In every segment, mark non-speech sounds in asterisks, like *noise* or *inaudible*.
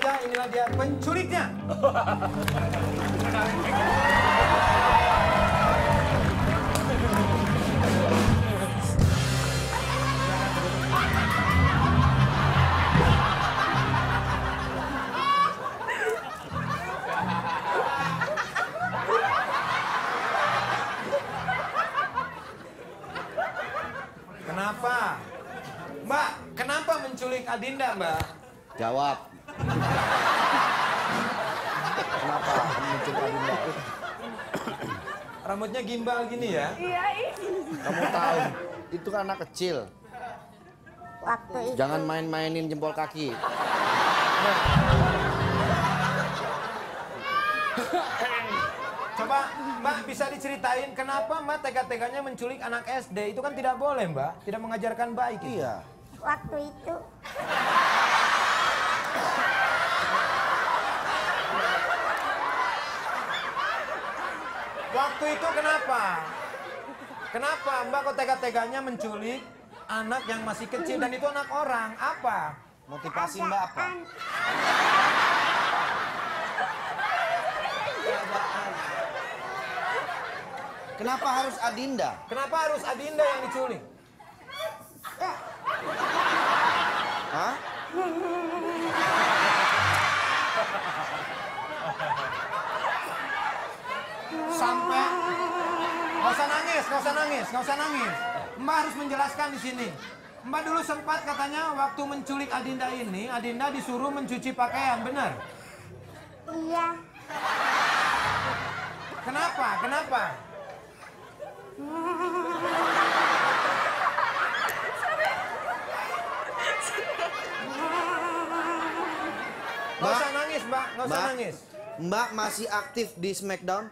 saja inilah dia penculiknya. Kenapa? Mbak, kenapa menculik Adinda, Mbak? Jawab. Kenapa muncul Adinda? Rambutnya gimbal gini ya? Iya, Kamu tahu, itu kan anak kecil. Waktu itu. Jangan main-mainin jempol kaki. Coba Mbak bisa diceritain kenapa Mbak tega-teganya menculik anak SD itu kan tidak boleh Mbak, tidak mengajarkan baik. Iya. Waktu itu. Waktu itu kenapa? Kenapa Mbak kok tega-teganya menculik anak yang masih kecil dan itu anak orang? Apa? Motivasi Ada Mbak apa? Kenapa harus Adinda? Kenapa harus Adinda yang diculik? Hah? sampai nggak usah nangis, nggak usah nangis, nggak usah nangis. Mbak harus menjelaskan di sini. Mbak dulu sempat katanya waktu menculik Adinda ini, Adinda disuruh mencuci pakaian, benar? Iya. Kenapa? Kenapa? *laughs* Nggak usah nangis, Mbak. Nggak usah nangis. Mbak masih aktif di Smackdown?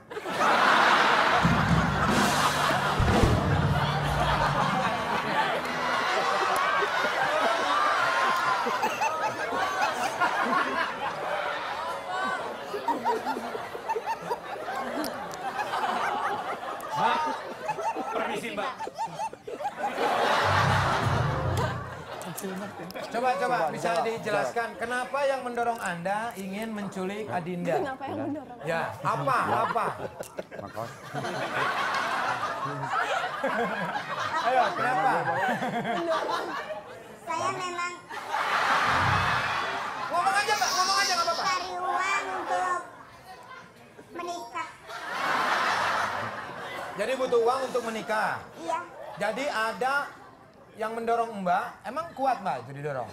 Mbak, permisi Mbak. Coba, coba bisa dijelaskan kenapa yang mendorong Anda ingin menculik Adinda? Kenapa yang mendorong? Ya, apa? Ya. Apa? Makasih. Ayo, kenapa? Mendorong. Saya memang Ngomong aja, Pak. Ngomong aja enggak apa-apa. Cari uang untuk menikah. Jadi butuh uang untuk menikah? Iya. Jadi ada yang mendorong Mbak, emang kuat Mbak itu didorong?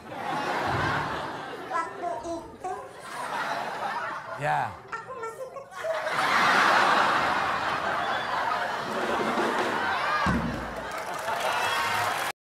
Waktu itu... Ya.